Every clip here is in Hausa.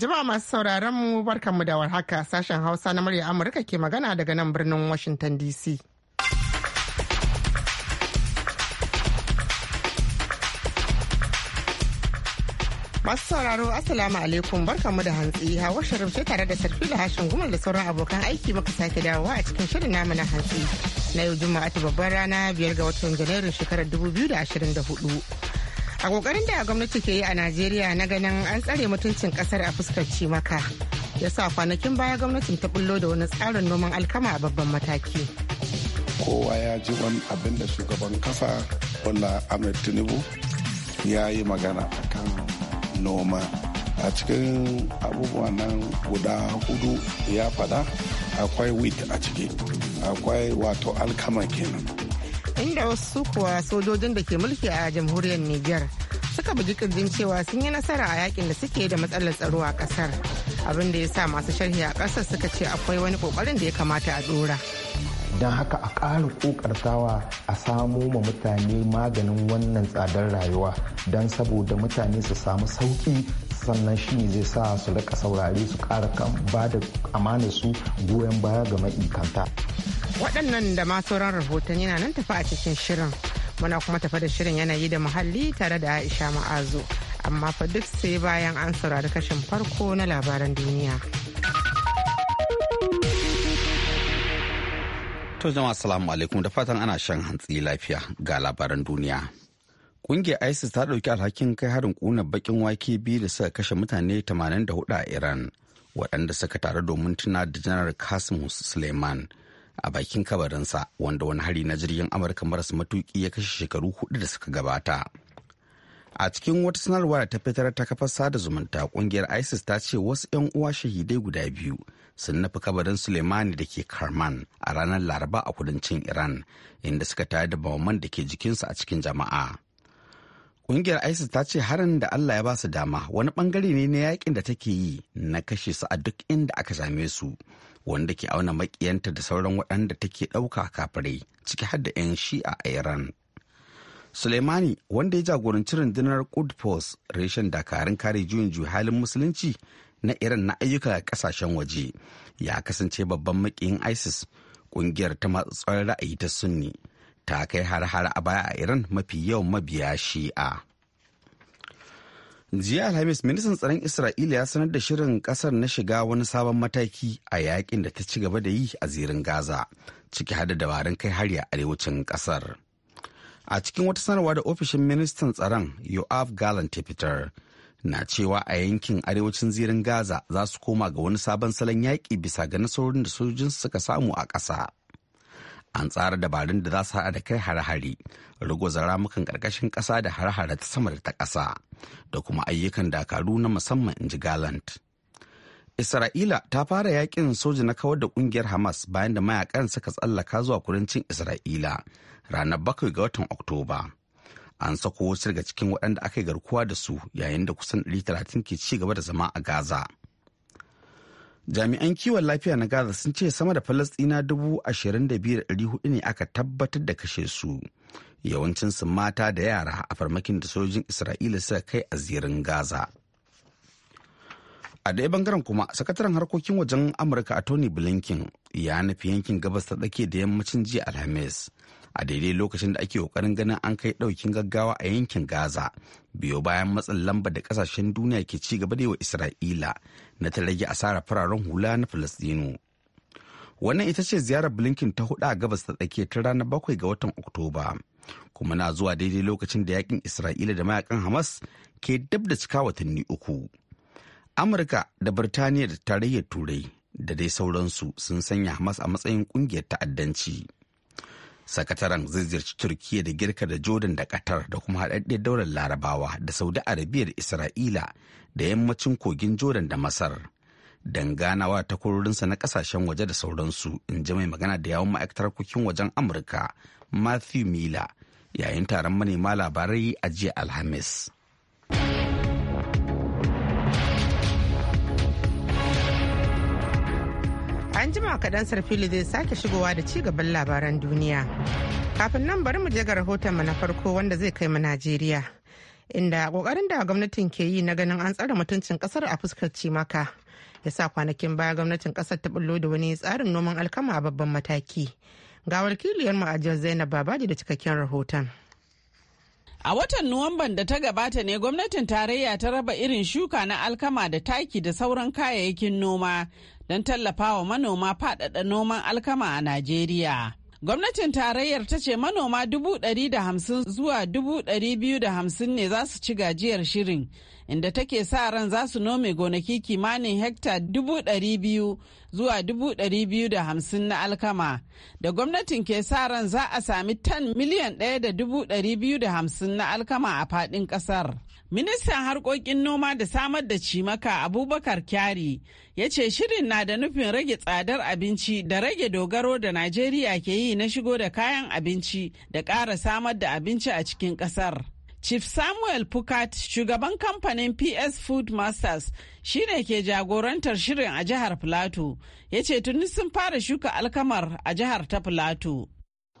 Jama'a masu sauraron mu barkanmu da warhaka sashen Hausa na murya Amurka ke magana daga nan birnin Washington DC. Masu sauraro Assalamu alaikum barkanmu da hantsi Hawa shirin ce tare da Sarfila Hashin gumar da sauran abokan aiki muka sake dawowa a cikin shirin namu na hantsi na yau Juma'a ta babbar rana biyar ga watan Janairun shekarar 2024. a kokarin da gwamnati ke yi a najeriya na ganin an tsare mutuncin kasar a fuskar cimaka ya sa kwanakin baya gwamnatin ta bullo da wani tsarin noman alkama a babban mataki kowa ya ji wani abin da shugaban kasa wanda ahmed tinubu ya yi magana akan noma a cikin abubuwa nan guda hudu ya fada akwai wheat a ciki akwai wato alkama kenan inda wasu kuwa sojojin da ke mulki a jamhuriyar niger suka bugi kirjin cewa sun yi nasara a yakin da suke da matsalar tsaro a kasar abin da ya sa masu sharhi a kasar suka ce akwai wani kokarin da ya kamata a dora don haka a ƙara ƙoƙartawa a samu ma mutane maganin wannan tsadar rayuwa don saboda mutane su samu sauƙi sannan shi ne zai sa su rika saurare su ƙara ba da amanar su goyon baya ga ma'ikanta waɗannan da ma sauran rahoton yana nan tafi a cikin shirin muna kuma tafi da shirin yanayi da muhalli tare da aisha ma'azu amma fa duk sai bayan an saurari kashin farko na labaran duniya to jama'a assalamu alaikum da fatan ana shan hantsi lafiya ga labaran duniya kungiyar ISIS ta dauki alhakin kai harin kuna bakin wake biyu da suka kashe mutane 84 a Iran, waɗanda suka taru domin tuna da janar Kasim Suleiman, a bakin kabarinsa wanda wani hari na jirgin amurka maras matuki ya kashe shekaru hudu da suka gabata a cikin wata sanarwa da ta fitar ta kafar sada zumunta kungiyar isis ta ce wasu 'yan uwa shahidai guda biyu sun nufi kabarin suleimani da ke karman a ranar laraba a kudancin iran inda suka tare da bauman da ke jikinsu a cikin jama'a kungiyar isis ta ce harin da allah ya ba su dama wani bangare ne na yakin da take yi na kashe su a duk inda aka same su wanda ke auna makiyanta da sauran waɗanda take ɗauka kafirai ciki har da 'yan shi'a a iran suleimani wanda ya jagoranci rundunar Force reshen dakarun kare juyin juyi halin musulunci na iran na ayyuka kasashen waje ya kasance babban makiyin isis ƙungiyar ta masu ra'ayi ta sunni ta kai har-har a baya a iran mafi yawan mabiya shi'a jiya alhamis ministan tsaron isra'ila ya sanar da shirin kasar na shiga wani sabon mataki a yakin da ta ci gaba da yi a zirin gaza ciki hada dabarun kai hari a arewacin kasar a cikin wata sanarwa da ofishin ministan tsaron yoav galan ta fitar na cewa a yankin arewacin zirin gaza za su koma ga wani sabon salon yaƙi bisa ga nasarorin da sojojin suka samu a ƙasa an tsara dabarun da za su haɗa da kai hare-hare ruguza ramukan ƙarƙashin ƙasa da hare-hare ta sama da ta ƙasa da kuma ayyukan dakaru na musamman in ji galant isra'ila ta fara yaƙin soja na kawar da ƙungiyar hamas bayan da mayakan suka tsallaka zuwa kudancin isra'ila ranar bakwai ga watan oktoba an sako wasu daga cikin waɗanda aka yi garkuwa da su yayin da kusan 130 ke ci gaba da zama a gaza jami'an kiwon lafiya na gaza sun ce sama da falastina 22,400 ne aka tabbatar da kashe su yawancin su mata da yara a farmakin da sojojin isra'ila suka kai a zirin gaza a ɗaya bangaren kuma sakataren harkokin wajen amurka a tony blinken ya nufi yankin gabas ta tsakiya da yammacin jiya alhamis a daidai lokacin da ake kokarin ganin an kai ɗaukin gaggawa a yankin gaza biyo bayan matsin lamba da ƙasashen duniya ke ci gaba da yi wa isra'ila na ta rage asarar fararen hula na Falasɗinu. Wannan ita ce ziyarar Blinken ta hudu a gabas ta tsakiya ta ranar bakwai ga watan Oktoba. Kuma na zuwa daidai lokacin da yakin Isra'ila da mayakan Hamas ke dab da cika watanni uku. Amurka da Birtaniya da tarayyar Turai da dai sauransu sun sanya Hamas a matsayin ƙungiyar ta'addanci. sakataren zai ziyarci Turkiyya da girka da jordan da qatar da kuma haɗaɗɗiyar daular larabawa da saudi arabiya da isra'ila da yammacin kogin jordan da masar danganawa ta kurorinsa na kasashen waje da sauransu in ji mai magana da yawon ma'aikatar kukin wajen amurka matthew miller yayin taron manema labarai a jiya alhamis An jima kaɗan fili zai sake shigowa da ci gaban labaran duniya. Kafin nan bari mu je ga rahoton mu na farko wanda zai kai mu Najeriya. Inda kokarin da gwamnatin ke yi na ganin an tsara mutuncin kasar a fuskar cimaka. Ya sa kwanakin baya gwamnatin kasar ta bullo da wani tsarin noman alkama a babban mataki. Ga mu a Zainab Babaji da cikakken rahoton. A watan Nuwamban da ta gabata ne gwamnatin tarayya ta raba irin shuka na alkama da taki da sauran kayayyakin noma don tallafawa manoma faɗaɗa noman alkama a Najeriya. Gwamnatin tarayyar ta ce manoma dubu ɗari da hamsin zuwa dubu ɗari biyu da hamsin ne za su ci gajiyar shirin, inda take sa ran za su nome gonaki kimanin hekta dubu ɗari biyu zuwa dubu ɗari biyu da hamsin na alkama. Da gwamnatin ke sa ran za a sami tan miliyan ɗaya da dubu ɗari biyu da hamsin na alkama a faɗin ƙasar. Ministan harkokin noma da samar da cimaka Abubakar Kyari ya ce shirin na da nufin rage tsadar abinci da rage dogaro da Najeriya ke yi na shigo da kayan abinci da ƙara samar da abinci a cikin ƙasar. Chief Samuel Pukat, shugaban kamfanin PS Food Masters, shi ne ke jagorantar shirin a jihar Filato, ya ce tuni sun fara shuka alkamar a jihar ta Filato.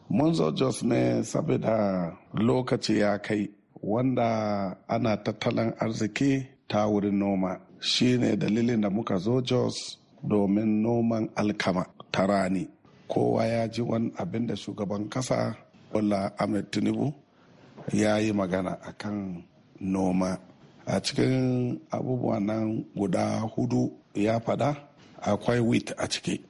Mun zo Jos ne saboda lokaci ya kai wanda ana tattalin arziki ta wurin noma shine dalilin da muka zo jos domin noman alkama ta rani kowa ya ji wani abin da shugaban kasa bola ahmed tinubu ya yi magana kan noma a cikin abubuwa nan guda hudu ya fada akwai wheat a ciki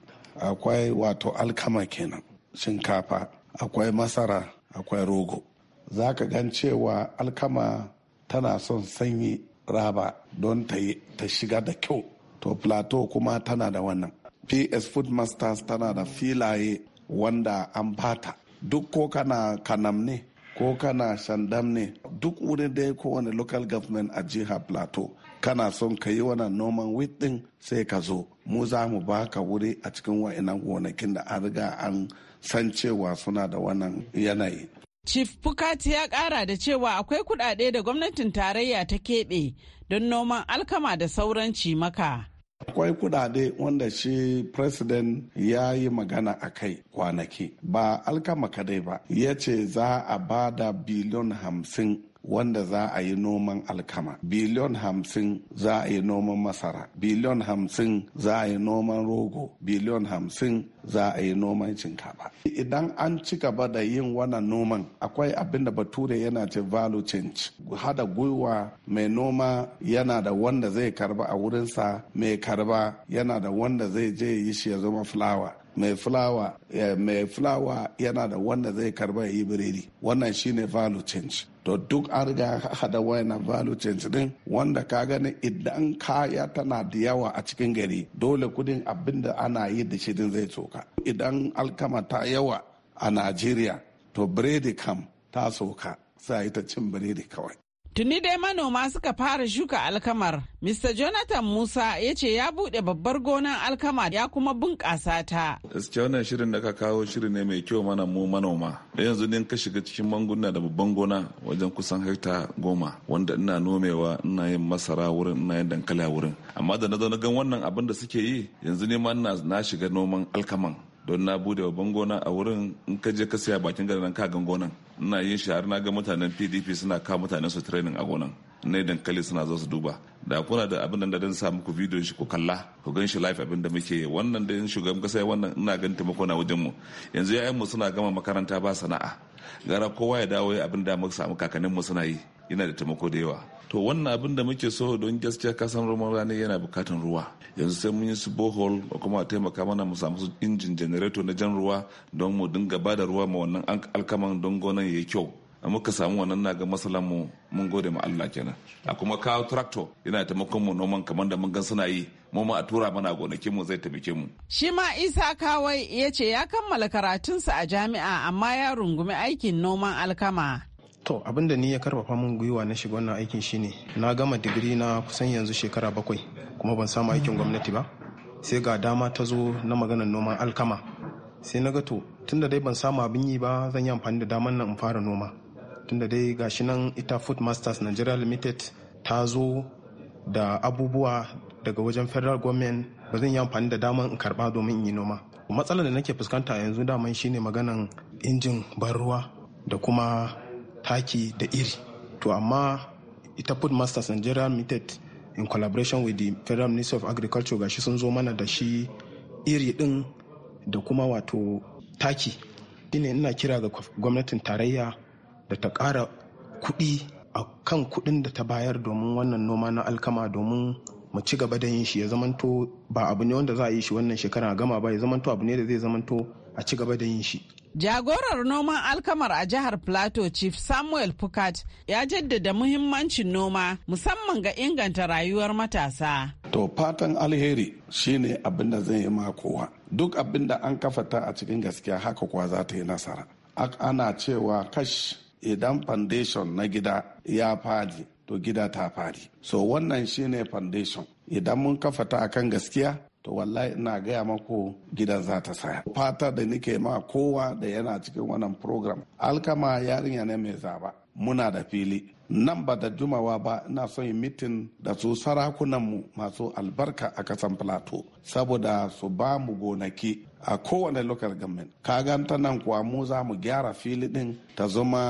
akwai wato alkama kenan shinkafa akwai masara akwai rogo za ka gan cewa alkama tana son sanyi raba don ta shiga da kyau to plateau kuma tana da wannan ps food masters tana da filaye wanda an bata duk ko kana kanam ne ko kana shandam ne duk wuri dai kowane local government a jiha plateau kana son ka yi wannan noman wheat din sai ka zo mu za mu baka wuri a cikin wa'inan gonakin da an riga an san cewa suna da wannan yanayi Chief Bukati ya kara da cewa akwai kudade da gwamnatin tarayya ta keɓe don noman alkama da sauran cimaka. Akwai kudade wanda shi president ya yi magana a kai kwanaki ba alkama kadai ba ya ce za a bada biliyon hamsin wanda za a yi noman alkama biliyon hamsin za a yi noman masara biliyon hamsin za a yi noman rogo biliyon hamsin za a yi noman shinkafa idan an ci gaba da yin wannan noman akwai abin da bature yana ce value change hada gwiwa mai noma yana da wanda zai karba a wurinsa mai karba yana da wanda zai je yi shi ya zama fulawa mai fulawa mai fulawa yana da wanda zai karba yi biredi wannan shine value change to duk an riga hada na value change din wanda ka gani idan kaya tana da yawa a cikin gari dole kudin abinda ana yi da shi din zai soka idan alkama ta yawa a najeriya to biredi kam ta tsoka sai ta cin biredi kawai Tuni dai manoma suka fara shuka alkamar. Mr. Jonathan Musa ya ce ya buɗe babbar gonan alkama ya kuma bunƙasa ta. Gaskiya wannan shirin da ka kawo shiri ne mai kyau mana mu manoma. Da yanzu ne ka shiga cikin manguna da babban gona wajen kusan hekta goma wanda ina nomewa ina yin masara wurin ina yin dankali wurin. Amma da na zo na gan wannan abin da suke yi yanzu ne ma na shiga noman alkaman. don na bude babban gona a wurin in ka je ka siya bakin garin ka gan gonan ina yin shi har na ga mutanen pdp suna ka mutanen su training a gonan ne dankali suna zo su duba da kuna da abin da zan sa muku bidiyon shi ku kalla ku gan shi live abin da muke wannan da shugaban kasa wannan ina gan taimako na wajen mu yanzu yayan mu suna gama makaranta ba sana'a gara kowa ya dawo abin da muka samu kakannin mu suna yi yana da taimako da yawa to wannan abin da muke so don gaskiya kasan roman rani yana bukatan ruwa yanzu sai mun yi su bohol kuma a taimaka mana mu samu su injin janareto na jan ruwa don mu dinga ba da ruwa ma wannan alkaman don gonan ya yi kyau muka samu wannan na ga masalan mu mun gode ma Allah kenan a kuma kawo tractor yana taimakon mu noman kamar da mun gan suna yi mu ma a tura mana gonakin mu zai taimake mu shi ma Isa Kawai ya ce ya kammala karatunsa a jami'a amma ya rungumi aikin noman alkama To abin da ni ya karfafa min gwiwa na shiga wannan aikin shine na gama digiri na kusan yanzu shekara bakwai kuma ban samu aikin gwamnati ba sai ga dama ta zo na maganar noman alkama sai na ga to tunda dai ban samu abin yi ba zan yi amfani da daman nan in fara noma tunda dai gashi nan ita food masters nigeria limited ta zo da abubuwa daga wajen federal government ba zan yi amfani da daman in karba domin in yi noma matsalar da nake fuskanta yanzu daman shine maganan injin ban ruwa da kuma taki da iri to amma ita food masters nigeria limited in collaboration with the federal ministry of agriculture ga shi sun zo mana da shi iri din da kuma wato taki shine ina kira ga gwamnatin tarayya da ta ƙara kuɗi a kan kuɗin da ta bayar domin wannan noma na alkama domin mu ci gaba da yin shi ya zamanto ba abu ne wanda za a yi shi wannan shekara a gama ba ya zamanto abu ne da zai zamanto a ci gaba da yin shi. Jagorar noman alkamar a jihar Plateau Chief Samuel Pukat ya jaddada muhimmancin noma musamman ga inganta rayuwar matasa. To fatan alheri shine abin da zai yi kowa. Duk abin da an kafa ta a cikin gaskiya haka kuwa za ta yi nasara. Ana cewa kash idan foundation na gida ya fadi to gida ta fadi. So wannan shine foundation. Idan mun kafa ta akan gaskiya to wallahi ina gaya maku gidan za ta saya fata da nike ma kowa da yana cikin wannan program alkama yarinya ne mai zaba muna da fili nan ba da jumawa ba ina son yi mitin da su sarakunanmu masu albarka a kasan plateau saboda su ba mu gonaki a kowane local government kagan ta nan kuwa mu za mu gyara fili din ta zama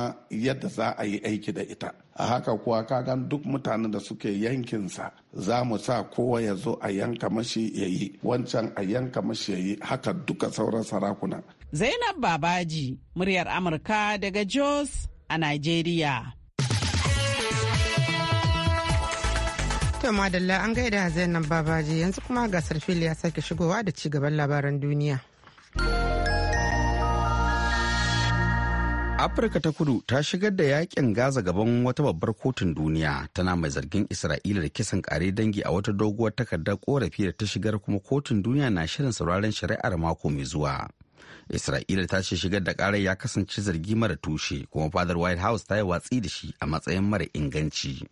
yadda za a yi aiki da ita a haka kuwa kagan duk mutanen da suke yankinsa za mu sa kowa ya zo a yanka mashi ya yi wancan a yanka mashi ya yi haka duka sauran sarakuna zainab babaji muryar amurka daga jos a Najeriya. To madalla an gaida Zainab Babaji yanzu kuma gasar fili ya sake shigowa da ci gaban labaran duniya. Afirka ta kudu ta shigar da yakin Gaza gaban wata babbar kotun duniya tana mai zargin Isra'ila da kisan kare dangi a wata doguwar takardar korafi da ta shigar kuma kotun duniya na shirin sauraron shari'ar mako mai zuwa. Isra'ila ta ce shigar da karar ya kasance zargi mara tushe kuma fadar White House ta yi watsi da shi a matsayin mara inganci.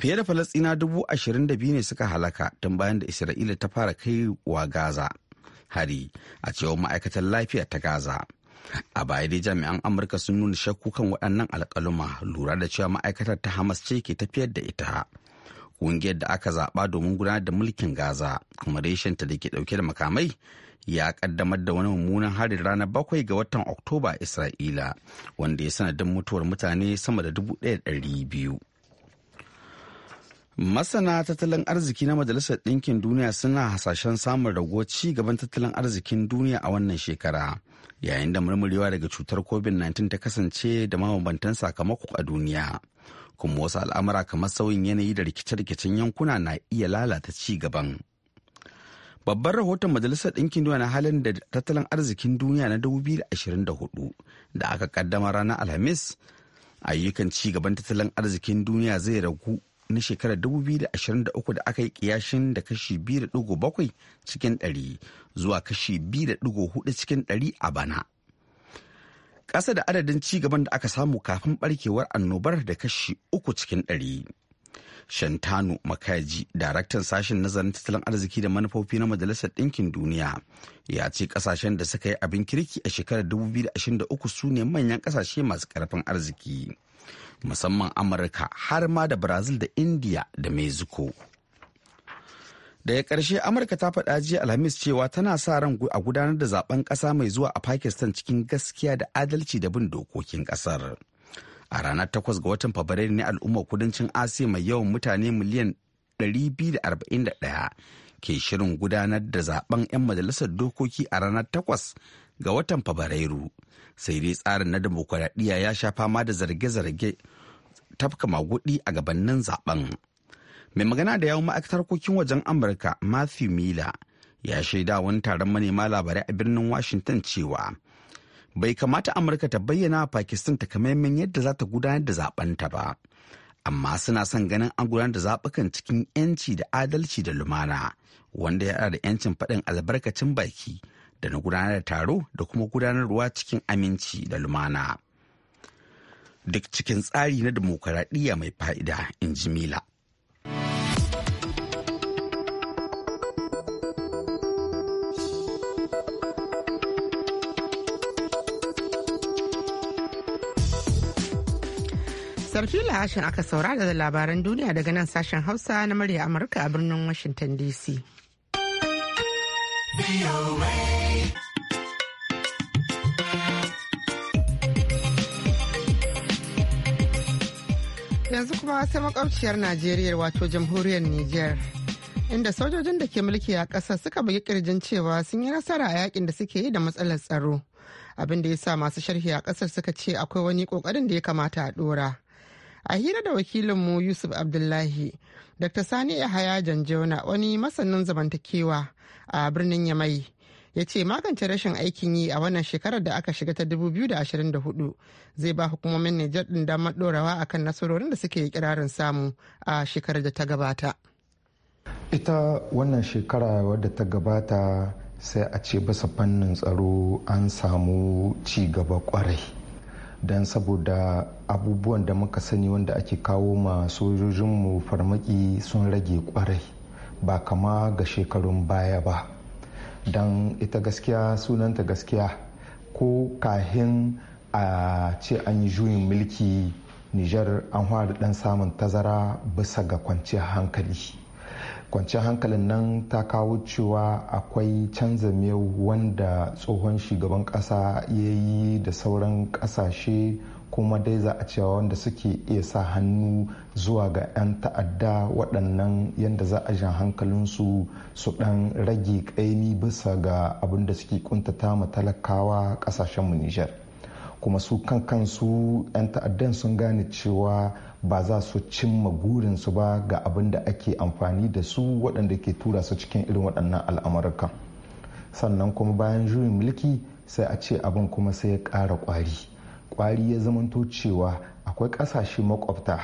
Fiye da Falastina dubu ashirin da biyu ne suka halaka tun bayan da Isra'ila ta fara kai wa Gaza hari a cewar ma'aikatar lafiya ta Gaza. A baya dai jami'an Amurka sun nuna shakku kan waɗannan alƙaluma lura da cewa ma'aikatar ta Hamas ce ke tafiyar da ita. Ƙungiyar da aka zaɓa domin gudanar da mulkin Gaza kuma reshenta da ke ɗauke da makamai ya kaddamar da wani mummunan harin ranar bakwai ga watan oktoba isra'ila wanda ya sanadin mutuwar mutane sama da dubu biyu. masana tattalin arziki na majalisar ɗinkin duniya suna hasashen samun rago ci gaban tattalin arzikin duniya a wannan shekara yayin da murmurewa daga cutar covid-19 ta kasance da mabambantan sakamako a duniya kuma wasu al'amura kamar sauyin yanayi da rikice-rikicen yankuna na iya lalata ci gaban Babban rahoton Majalisar Ɗinkin Duniya na halin da tattalin arzikin duniya na 2024 da aka kaddama ranar Alhamis, ayyukan ci gaban tattalin arzikin duniya zai ragu na shekarar 2023 da aka yi kiyashin da kashi 2.7 cikin 100 zuwa kashi 2.4 cikin 100 a bana. Ƙasa da adadin ci gaban da aka samu kafin barkewar annobar da kashi 3 cikin 100. Shantanu Makaji, daraktan sashen nazarin tattalin arziki da manufofi na Majalisar Ɗinkin Duniya, ya ce ƙasashen da suka yi abin kirki a shekarar 2023 su ne manyan kasashe masu ƙarfin arziki, musamman Amurka har ma da Brazil da India da Mexico. daga ƙarshe amurka ta faɗa jiya alhamis cewa tana sa ran a gudanar da zaben ƙasa mai zuwa a pakistan cikin gaskiya da adalci da bin dokokin ƙasar. a ranar takwas ga watan fabrairu ne al'ummar kudancin asiya mai yawan mutane miliyan 241 ke shirin gudanar da zaben 'yan majalisar dokoki a ranar takwas ga watan fabrairu sai dai tsarin na demokuraɗiyya ya sha fama da zarge-zarge tafka magudi a gabanin zaben mai magana da yawon ma'aikatar harkokin wajen amurka matthew miller ya shaida wani taron manema labarai a birnin washington cewa bai kamata amurka ta bayyana pakistan takamaiman yadda za ta gudanar da ta ba amma suna son ganin an gudanar da zabukan cikin 'yanci da adalci da lumana wanda ya da 'yancin faɗin albarkacin baki da na gudanar da taro da kuma gudanarwa cikin aminci da lumana duk cikin tsari na dimokuraɗiyya mai fa'ida in ji mila Sarfila Hashin aka saurara da labaran duniya daga nan sashen Hausa na murya Amurka a birnin Washington DC. Yanzu kuma wata makwabciyar Najeriya wato jamhuriyar Nijar. Inda sojojin da ke mulki a ƙasa suka bugi kirjin cewa sun yi nasara a yakin da suke yi da matsalar tsaro. Abin da ya sa masu sharhi a ƙasar suka ce akwai wani ƙoƙarin da ya kamata a ɗora. a hira da wakilinmu yusuf abdullahi dr sani yahaya janjona wani masanin zamantakewa a birnin yamai ya ce magance rashin aikin yi a wannan shekarar da aka shiga ta 2024 zai ba hukumomin nijar din damar dorawa akan nasarorin da suke kirarin samu a shekarar da ta gabata ita wannan shekara wadda ta gabata sai a ce basa fannin tsaro an samu ci gaba kwarai don saboda abubuwan da muka sani wanda ake kawo ma sojojinmu farmaki sun rage kwarai ba kama ga shekarun baya ba don ita gaskiya sunanta gaskiya ko kahin a ce an yi juyin mulki nijar an fara dan samun tazara bisa ga kwanciyar hankali kwanciyar hankalin nan ta kawo cewa akwai canza miyau wanda tsohon shugaban kasa ya yi da sauran kasashe kuma dai za a cewa wanda suke iya sa hannu zuwa ga 'yan ta'adda waɗannan yadda za a jan hankalinsu su ɗan rage ƙaimi bisa ga abin da suke kuntata ma talakawa ƙasashenmu nijar. kuma su kan kansu 'yan ta'addan sun gane cewa ba za su cimma burinsu ba ga abin da ake amfani da su waɗanda ke tura su cikin irin waɗannan al'amurka sannan kuma bayan juyin mulki sai a ce abin kuma sai ya ƙara ƙwari ƙwari ya zamanto cewa akwai ƙasashe makwabta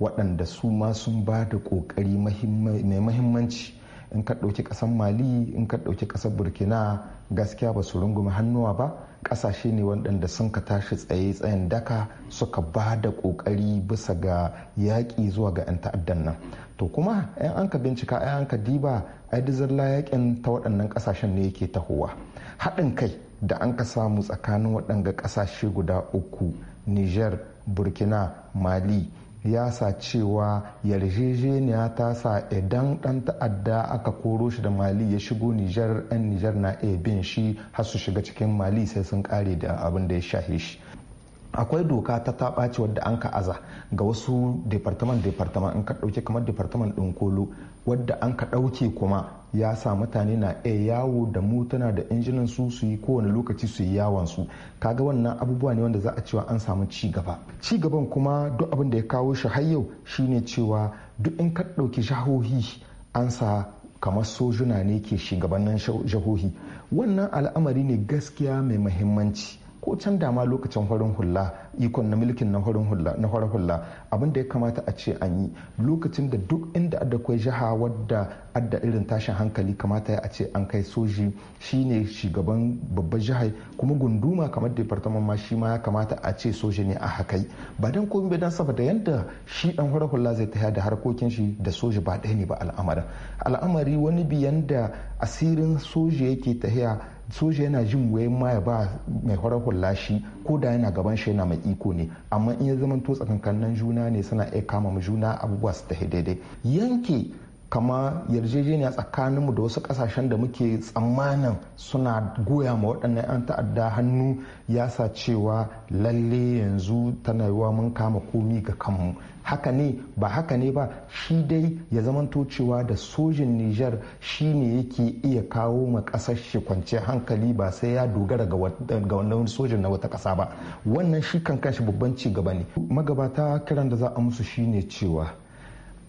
waɗanda su ma sun ba da ƙoƙari mai mahimmanci in ka ɗauki ƙasar mali in ka ɗauki ƙasar burkina gaskiya ba su runguma hannuwa ba kasashe ne waɗanda sun ka tashi tsaye tsayin daka suka ba da ƙoƙari bisa ga yaƙi zuwa ga 'yan ta'addan nan to kuma 'yan an ka bincika 'yan an ka diba aidizalla yaƙin ta waɗannan ƙasashen ne yake tahowa haɗin kai da an ka samu tsakanin waɗanga ƙasashe guda uku niger burkina mali ya sa cewa yarjejeniya ta sa idan dan ta'adda aka koro shi da mali ya shigo nijar 'yan nijar na iya bin shi har su shiga cikin mali sai sun kare da abin da ya shahe shi akwai doka ta taɓaci wadda an ka aza ga wasu departament departament in ka ɗauke kamar departament ɗin kolo wadda an ka ɗauke kuma ya sa mutane na iya yawo da mutuna da injinan su su yi kowane lokaci su yi yawon su kaga wannan abubuwa ne wanda za a cewa an samu ci gaba ci gaban kuma duk abin da ya kawo shi har yau shine cewa duk in ka ɗauki jahohi an sa kamar sojuna ne ke shugabannin jahohi wannan al'amari ne gaskiya mai muhimmanci. ko can dama lokacin farin hula ikon na milkin na farin hula na farin hula abin da ya kamata a ce an yi lokacin da duk inda adda kwai jiha wadda adda irin tashin hankali kamata ya a ce an kai soji shine shugaban babban jiha kuma gunduma kamar departament ma shi ma ya kamata a ce soji ne a hakai ba dan komai dan saboda yanda shi dan farin hula zai tafiya da harkokin shi da soji ba ɗaya ne ba al'amarin al'amari wani biyan da asirin soji yake tafiya. soja yana jin wayan ma ya ba mai horar hula shi ko da yana gaban shi yana mai iko ne amma in ya zama to tsakankanin juna ne suna iya kama juna abubuwa su ta daidai yanke kama yarjejeniya tsakaninmu da wasu kasashen da muke tsammanin suna goya ma waɗannan 'yan ta'adda hannu ya sa cewa lalle yanzu tana yiwa mun kama komi ga kanmu haka ne ba haka ne ba shi dai ya zamanto cewa da sojin nijar shi ne yake iya kawo ma ƙasar shi kwanciyar hankali ba sai ya dogara ga wannan sojin na wata ƙasa ba wannan shi kan kanshi babban ci gaba ne magabata kiran da za a musu shine cewa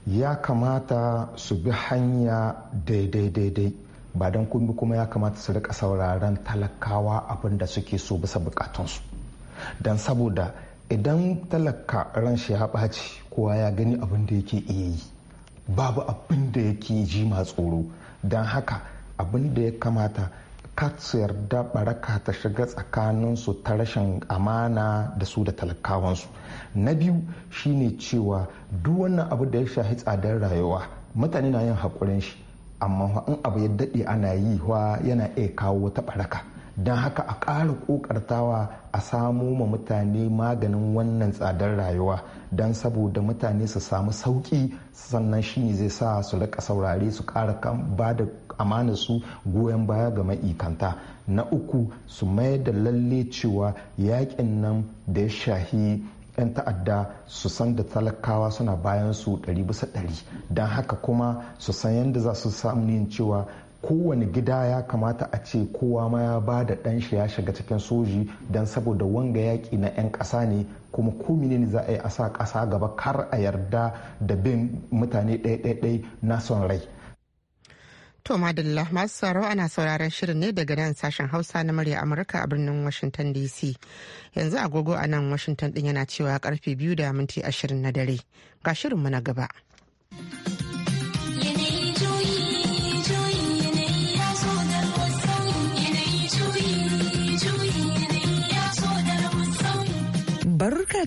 ya kamata su bi hanya daidai daidai ba don kumbi kuma ya kamata su rika sauraron talakawa abin da suke so bisa bukatunsu don saboda idan talaka ran shi ya ɓaci kowa ya gani abin da yake iya yi babu abin da yake ji ma tsoro don haka abin da ya kamata su yarda baraka ta shiga tsakaninsu ta rashin amana da su da talakawansu na biyu shine cewa duk wannan abu da ya shahi tsadar rayuwa mutane na yin haƙurin shi amma in abu ya daɗe ana yi wa yana iya kawo wata baraka don haka a ƙara ƙoƙartawa a samo ma mutane maganin wannan tsadar rayuwa don saboda mutane su samu sauƙi sannan shine zai sa su riƙa saurare su ƙara ba da amana su goyon baya ga ma'ikanta na uku su mayar da lalle cewa yakin nan da ya shahi 'yan ta'adda su san da talakawa suna bayan su ɗari bisa ɗari don haka kuma su san yadda za su samu yin cewa kowane gida ya kamata a ce kowa ma ya ba da ɗan shi ya shiga cikin soji don saboda wanga yaƙi na 'yan ƙasa ne kuma ko ne za a yi a sa ƙasa gaba kar a yarda da bin mutane ɗaya-ɗaya na son rai To madalla masu tsaro ana sauraron shirin ne daga nan sashen Hausa na murya Amurka a birnin Washington DC. Yanzu agogo a nan Washington din yana cewa karfe biyu da minti ashirin na dare. Ga shirinmu na gaba.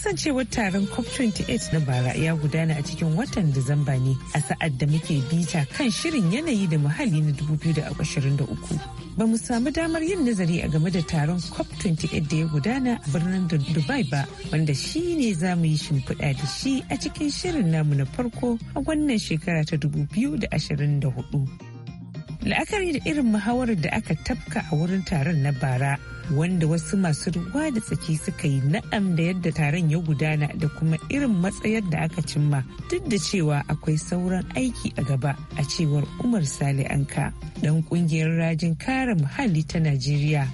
kasancewar taron cop 28 na bara ya gudana a cikin watan disamba ne a sa'ad da muke bita kan shirin yanayi da muhalli na 2023 ba mu samu damar yin nazari a game da taron cop 28 da ya gudana a birnin dubai ba wanda shi ne za mu yi shimfiɗa da shi a cikin shirin namu na farko a wannan shekara ta 2024 la'akari da irin muhawarar da aka tafka a wurin taron na bara wanda wasu masu ruwa da tsaki suka yi na'am da yadda taron ya gudana da kuma irin matsayar da aka cimma duk da cewa akwai sauran aiki a gaba a cewar umar sale anka dan kungiyar rajin kare muhalli ta najeriya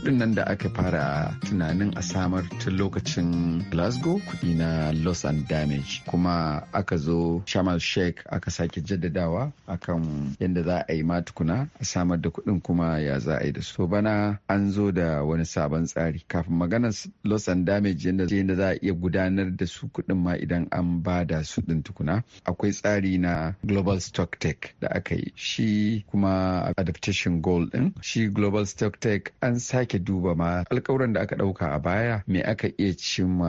kuɗin nan da aka fara tunanin a samar tun lokacin Glasgow kudi na loss and damage kuma aka zo Shamal Sheikh aka sake jaddadawa akan yadda za a yi matukuna a samar da kuɗin kuma ya za a yi da su. bana an zo da wani sabon tsari kafin maganar loss and damage yadda za a iya gudanar da su kuɗin ma idan an ba da su din tukuna akwai tsari na global stock tech da aka yi shi kuma adaptation goal ɗin shi global stock tech an sake ake duba ma alkawuran da aka ɗauka a baya me aka iya cimma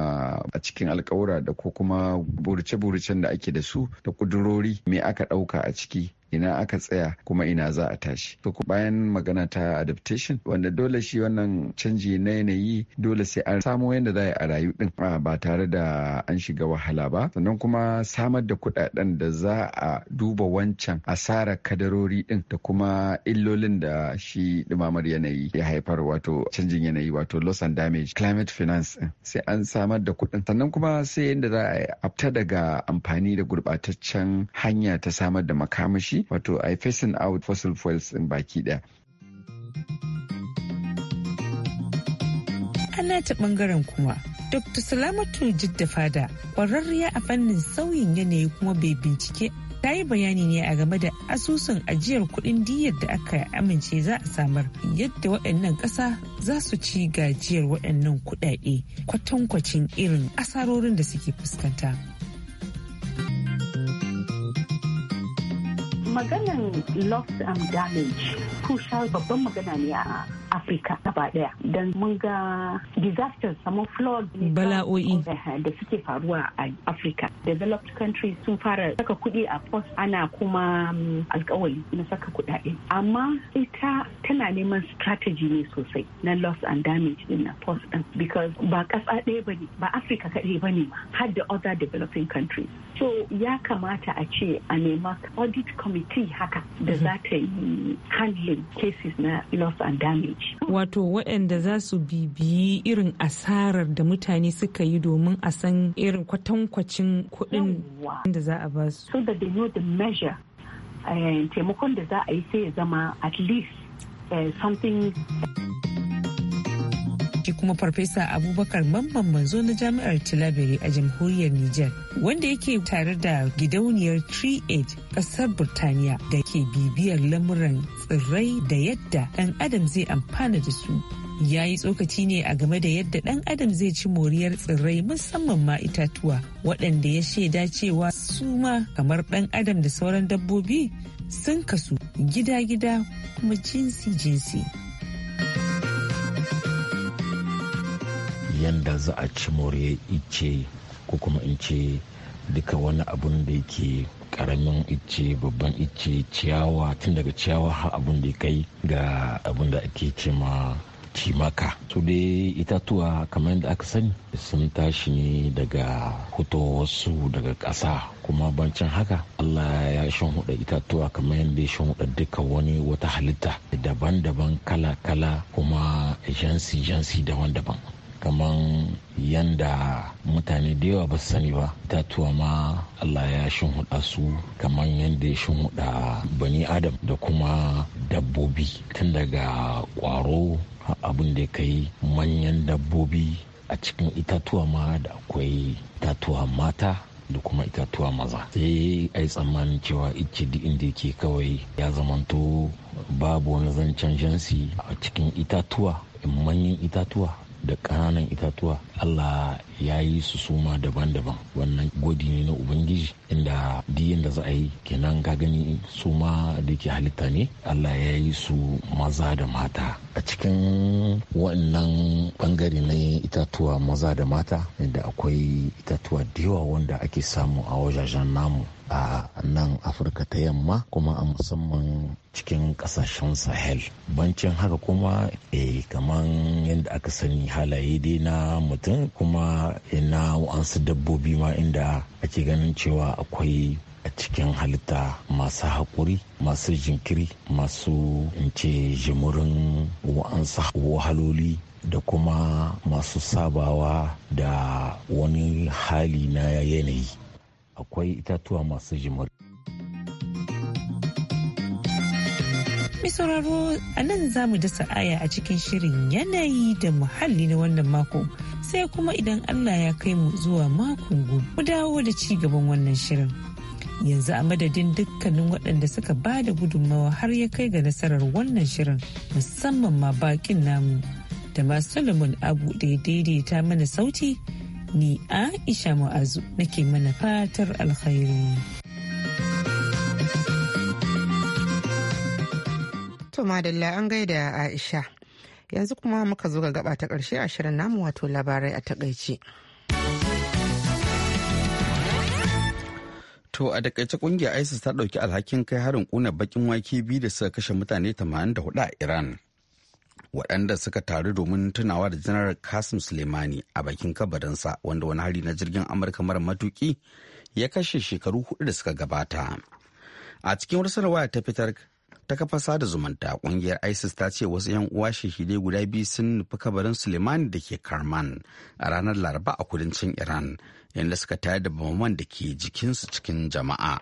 a cikin alkawura da ko kuma burce burcen da ake da su da kudurori me aka ɗauka a ciki ina aka tsaya kuma ina za a tashi to bayan magana ta adaptation wanda dole shi wannan canji na yanayi dole sai an samo yadda za a rayu din ah, ba tare da an shiga wahala ba sannan kuma samar da kuɗaɗen da za a duba wancan asarar kadarori din da kuma illolin da shi dumamar yanayi ya haifar wato canjin yanayi wato loss and damage climate finance sai an samar da kuɗin sannan kuma sai yadda za a fita daga amfani da gurbataccen hanya ta samar da makamashi wato a facing out fossil fuels in baki daya. Ana ta bangaren kuma Dr. Salamatu Jidda Fada ƙwararriya a fannin sauyin yanayi kuma bai bincike ta yi bayani ne a game da asusun ajiyar kuɗin diyar da aka amince za a samar yadda waɗannan ƙasa za su ci gajiyar waɗannan kuɗaɗe kwatankwacin irin asarorin da suke fuskanta. maganan loss and damage kusa babban magana ne a afirka gaba daya don mun ga disasters kamar flood bala'o'i da suke faruwa a afirka developed countries sun fara saka kuɗi a post ana kuma mm, alkawari na saka kuɗaɗe amma ita tana neman strategy ne sosai na loss and damage din na post din because ba ƙasa ɗaya ba ne ba afirka kaɗai ba ne har da other developing countries so ya kamata a ce a nema audit committee haka da mhm. za ta yi handling cases na loss and damage wato waɗanda za su bibiyi irin asarar da mutane suka yi domin a san irin kwatankwacin kuɗin da za a ba su. So that eh, taimakon da za a yi sai ya zama at least eh, something. shi kuma farfesa abubakar mamman manzo na jami'ar tilabiri a jamhuriyar niger wanda yake tare da gidauniyar 3 8 kasar burtaniya da ke bibiyar lamuran tsirrai da yadda dan adam zai amfana da su ya yi tsokaci ne a game da yadda dan adam zai ci moriyar tsirrai musamman ma itatuwa waɗanda ya shaida cewa su ma kamar dan adam da sauran dabbobi sun kasu gida-gida kuma jinsi-jinsi yanda za a ci more ice ko kuma in ce duka wani abun da yake karamin ice babban ice ciyawa tun daga ciyawa har abun da ya kai ga abun da ake ce ma cimaka su dai itatuwa kamar yadda aka sani sun tashi ne daga wasu daga ƙasa kuma bancin haka allah ya shanhuda itatuwa kamar yadda ya shanhuda duka wani wata halitta daban-daban kala-kala kuma jansi-jansi daban-daban kamar yanda mutane da yawa ba su sani ba itatuwa ma allah ya shinhuda su kamar yadda ya shinhuda bani adam da kuma dabbobi tun daga kwaro abin da kai manyan dabbobi a cikin itatuwa ma da akwai itatuwa mata da kuma itatuwa maza sai a yi tsammanin cewa ice duk inda ke kawai ya zamanto babu wani zancen jansi a cikin itatuwa manyan itatuwa da ƙananan itatuwa Allah ya yi su suma daban-daban wannan godi ne na ubangiji inda diyan da za a yi kenan ka gani suma da ke halitta ne Allah ya yi su maza da mata a cikin wannan bangare na itatuwa maza da mata inda akwai itatuwa da yawa wanda ake samu a wajajen namu a nan afirka ta yamma kuma a musamman cikin kasashen sahel bancin haka kuma e, kaman yadda aka sani halaye dai na mutum kuma na wa'ansu dabbobi ma inda ake ganin cewa akwai a cikin halitta masu haƙuri masu jinkiri masu in ce jimurin wa'ansu wahaloli da kuma masu sabawa da wani hali na yanayi akwai itatuwa masu jimuri. Mai a nan za mu dasa aya a cikin shirin yanayi da muhalli na wannan mako sai kuma idan Allah ya kai mu zuwa makon gobe dawo da ci gaban wannan shirin. Yanzu a madadin dukkanin waɗanda suka ba da gudunmawa har ya kai ga nasarar wannan shirin musamman ma bakin namu da ma Solomon Abu da ya daidaita mana sauti ni Aisha Mu'azu nake mana fatar alkhairi. To madalla an gaida Aisha. Yanzu kuma muka zo ga gaba ta ƙarshe a shirin namu wato labarai a takaici. To a takaice kungiyar ISIS ta ɗauki alhakin kai harin kuna bakin wake biyu da suka kashe mutane 84 a Iran. waɗanda suka taru domin tunawa da janar kasim suleimani a bakin kabarinsa wanda wani hari na jirgin amurka mara matuki ya kashe shekaru hudu da suka gabata a cikin wasu sanarwa ta fitar ta kafa sada zumunta kungiyar isis ta ce wasu yan uwa shahidai guda biyu sun nufi kabarin suleimani da ke karman a ranar laraba a kudancin iran inda suka tayar da bamaman da ke jikinsu cikin jama'a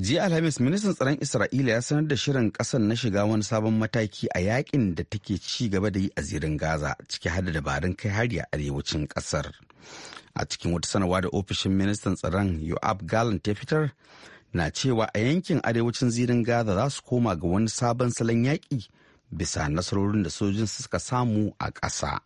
jiya alhamis ministan tsaron isra'ila ya sanar da shirin kasan na shiga wani sabon mataki a yakin da take ci gaba da yi a zirin gaza ciki hada dabarun kai hari a arewacin kasar a cikin wata sanarwa da ofishin ministan tsaron yoab galan ta fitar na cewa a yankin arewacin zirin gaza za su koma ga wani sabon salon yaƙi bisa nasarorin da sojin suka samu a ƙasa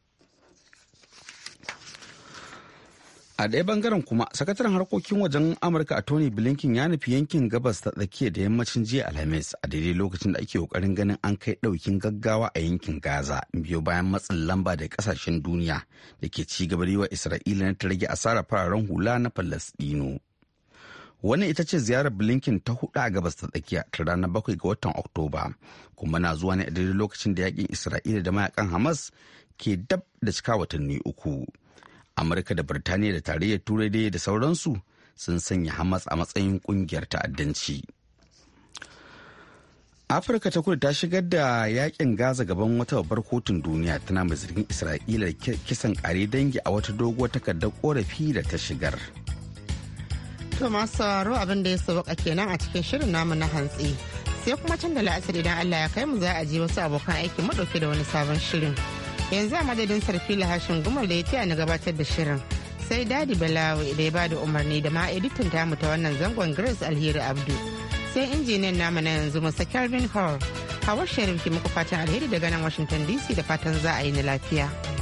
a ɗaya bangaren kuma sakataren harkokin wajen amurka a tony blinken ya nufi yankin gabas ta tsakiya da yammacin jiya alhamis a daidai lokacin da ake kokarin ganin an kai ɗaukin gaggawa a yankin gaza biyo bayan matsin lamba da kasashen duniya da ke ci gaba da yi wa isra'ila na ta rage asarar fararen hula na falastino wannan ita ce ziyarar blinken ta hudu a gabas ta tsakiya ta ranar bakwai ga watan oktoba kuma na zuwa ne a daidai lokacin da yakin isra'ila da mayakan hamas ke dab da cika watanni uku amurka da birtaniya da tarayyar turai dai da sauransu sun sanya hamas a matsayin kungiyar ta'addanci afirka ta kudu ta shigar da yakin gaza gaban wata babbar kotun duniya tana mai zargin isra'ila da kisan kare dangi a wata doguwar takardar korafi da ta shigar to masu sauraro abin da ya sauka kenan a cikin shirin namu na hantsi sai kuma can da la'asar idan allah ya kai mu za a ji wasu abokan aiki madauke da wani sabon shirin yanzu a madadin sarfila hashin gumar da ya taya na gabatar da shirin sai dadi balawi da ya ba da umarni da ma editin tamu ta wannan zangon grace alheri abdu sai injiniyan namu na yanzu musa calvin hall hawar sharif ke muku fatan alheri daga nan washington dc da fatan za a yi na lafiya.